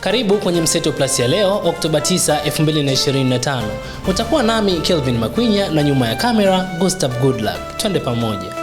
Karibu kwenye Mseto Plus ya leo Oktoba 9, 2025. Utakuwa nami Kelvin Makwinya na nyuma ya kamera Gustav Goodluck. Twende pamoja.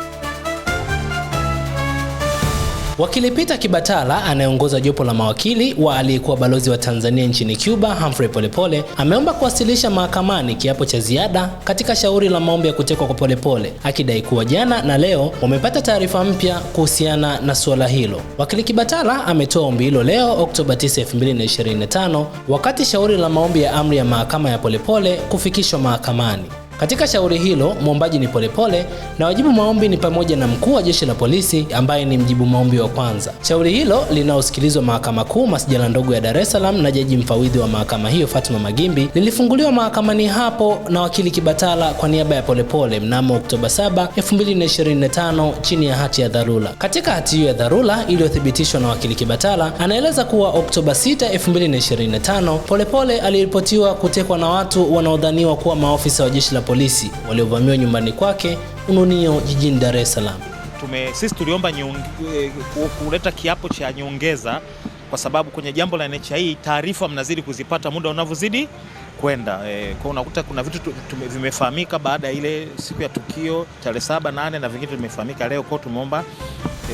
Wakili Peter Kibatala anayeongoza jopo la mawakili wa aliyekuwa balozi wa Tanzania nchini Cuba Humphrey Polepole ameomba kuwasilisha mahakamani kiapo cha ziada katika shauri la maombi ya kutekwa kwa Polepole akidai kuwa jana na leo wamepata taarifa mpya kuhusiana na suala hilo. Wakili Kibatala ametoa ombi hilo leo Oktoba 9, 2025 wakati shauri la maombi ya amri ya mahakama ya Polepole kufikishwa mahakamani. Katika shauri hilo mwombaji ni Polepole na wajibu maombi ni pamoja na mkuu wa jeshi la polisi ambaye ni mjibu maombi wa kwanza. Shauri hilo linaosikilizwa mahakama kuu masijala ndogo ya Dar es Salaam na jaji mfawidhi wa mahakama hiyo Fatma Magimbi lilifunguliwa mahakamani hapo na wakili Kibatala kwa niaba ya Polepole mnamo Oktoba 7, 2025 chini ya hati ya dharura. Katika hati hiyo ya dharura iliyothibitishwa na wakili Kibatala anaeleza kuwa Oktoba 6, 2025 Polepole aliripotiwa kutekwa na watu wanaodhaniwa kuwa maofisa wa jeshi la polisi waliovamiwa nyumbani kwake Ununio jijini Dar es Salaam. Tume, sisi tuliomba kuleta kiapo cha nyongeza kwa sababu kwenye jambo la NHI taarifa mnazidi kuzipata muda unavyozidi kwenda e, kwa unakuta kuna vitu vimefahamika baada ya ile siku ya tukio tarehe saba nane na vingine vimefahamika leo, kwa tumeomba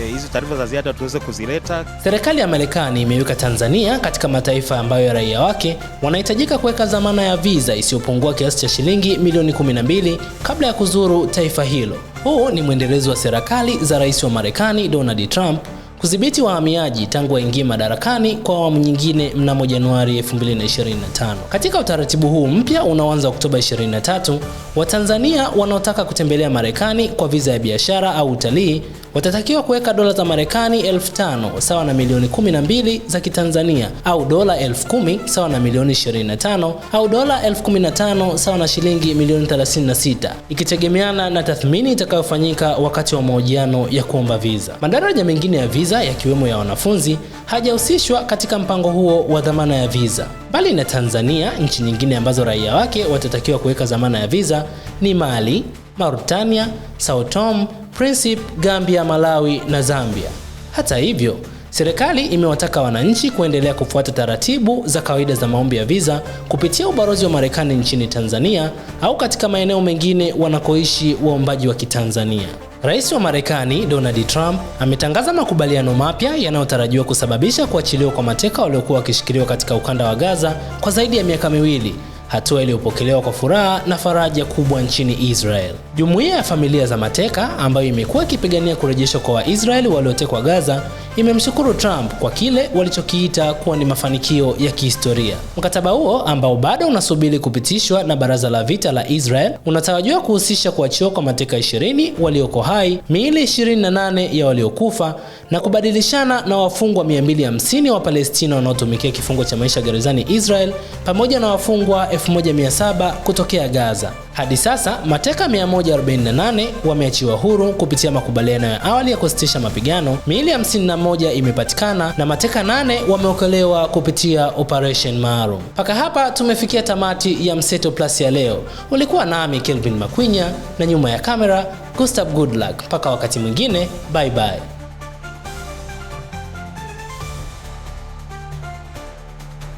E, hizo taarifa za ziada tuweze kuzileta. Serikali ya Marekani imeweka Tanzania katika mataifa ambayo raia wake wanahitajika kuweka dhamana ya visa isiyopungua kiasi cha shilingi milioni 12 kabla ya kuzuru taifa hilo. Huu ni mwendelezo wa serikali za rais wa Marekani Donald Trump kudhibiti wahamiaji tangu waingie madarakani kwa awamu nyingine mnamo Januari 2025. Katika utaratibu huu mpya unaoanza Oktoba 23, Watanzania wanaotaka kutembelea Marekani kwa viza ya biashara au utalii watatakiwa kuweka dola za Marekani elfu tano sawa na milioni 12 za Kitanzania au dola elfu kumi sawa na milioni 25 au dola elfu kumi na tano sawa na shilingi milioni 36 ikitegemeana na tathmini itakayofanyika wakati wa mahojiano ya kuomba viza Madaraja mengine ya viza yakiwemo ya wanafunzi hajahusishwa katika mpango huo wa dhamana ya viza Mbali na Tanzania, nchi nyingine ambazo raia wake watatakiwa kuweka dhamana ya viza ni Mali, Mauritania, Sao Tome Principe, Gambia, Malawi na Zambia. Hata hivyo, serikali imewataka wananchi kuendelea kufuata taratibu za kawaida za maombi ya visa kupitia ubalozi wa Marekani nchini Tanzania au katika maeneo mengine wanakoishi waombaji wa Kitanzania. Rais wa Marekani Donald Trump ametangaza makubaliano mapya yanayotarajiwa kusababisha kuachiliwa kwa mateka waliokuwa wakishikiliwa katika ukanda wa Gaza kwa zaidi ya miaka miwili, hatua iliyopokelewa kwa furaha na faraja kubwa nchini Israel. Jumuiya ya familia za mateka ambayo imekuwa ikipigania kurejeshwa kwa Waisraeli waliotekwa Gaza imemshukuru Trump kwa kile walichokiita kuwa ni mafanikio ya kihistoria. Mkataba huo ambao bado unasubiri kupitishwa na Baraza la Vita la Israel unatarajiwa kuhusisha kuachiwa kwa mateka 20 walioko hai, miili 28 ya waliokufa na kubadilishana na wafungwa 250 wa Palestina wanaotumikia kifungo cha maisha gerezani Israel pamoja na wafungwa 1700 kutokea Gaza. Hadi sasa mateka 148 wameachiwa huru kupitia makubaliano ya awali ya kusitisha mapigano. Miili 51 imepatikana na mateka 8 wameokolewa kupitia operation maalum. Mpaka hapa tumefikia tamati ya Mseto Plus ya leo. Ulikuwa nami Kelvin Makwinya na nyuma ya kamera Gustav Goodluck. Mpaka wakati mwingine, bye bye.